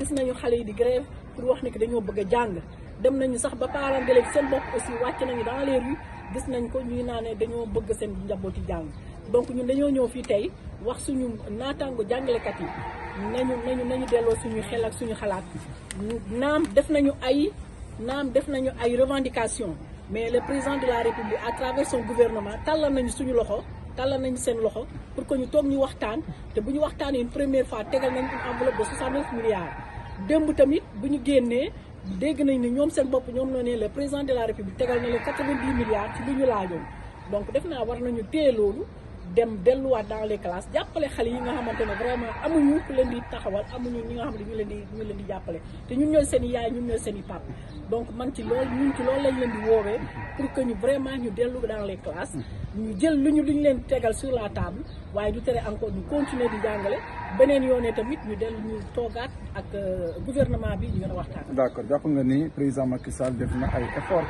gis nañu xale yi di grève pour wax ne que dañoo bëgg a jàng dem nañu sax ba parents d'élèves seen bopp aussi wàcc nañu dans les rues gis nañ ko ñuy naa ne dañoo bëgg seen njabooti jàng donc ñun dañoo ñëw fii tey wax suñu naataango jàngalekat yi nañu nañu nañu delloo suñu xel ak suñu xalaat naam def nañu ay naam def nañu ay revendication mais le président de la république à travers son gouvernement tàllal nañu suñu loxo tàllal nañ seen loxo pour que ñu toog ñu waxtaan te bu ñu waxtaanee une première fois tegal nañ une enveloppe de 69 milliards démb tamit bu ñu génnee dégg nañ ni ñoom seen bopp ñoom noo ne le président de la république tegal na leen 90 milliards ci li ñu laajoon donc def naa war nañu téye loolu dem delluwaat dans les classes jàppale xale yi nga xamante ne vraiment amuñu leen di taxawal amuñu ñu nga xam ne ñu leen di leen di jàppale te ñun ñooy seen i yaay ñun ñooy seen i donc man ci lool ñun ci loolu leen di woowee pour que ñu vraiment ñu dellu dans les classes ñu jël lu ñu lu ñu leen tegal sur la table waaye ñu tere encore ñu continuer di jàngale beneen yoonee tamit ñu dellu ñu toogaat ak euh, gouvernement bi ñu gën a waxtaan. d'accord jàpp nga ni président Macky Sall def na ay effort.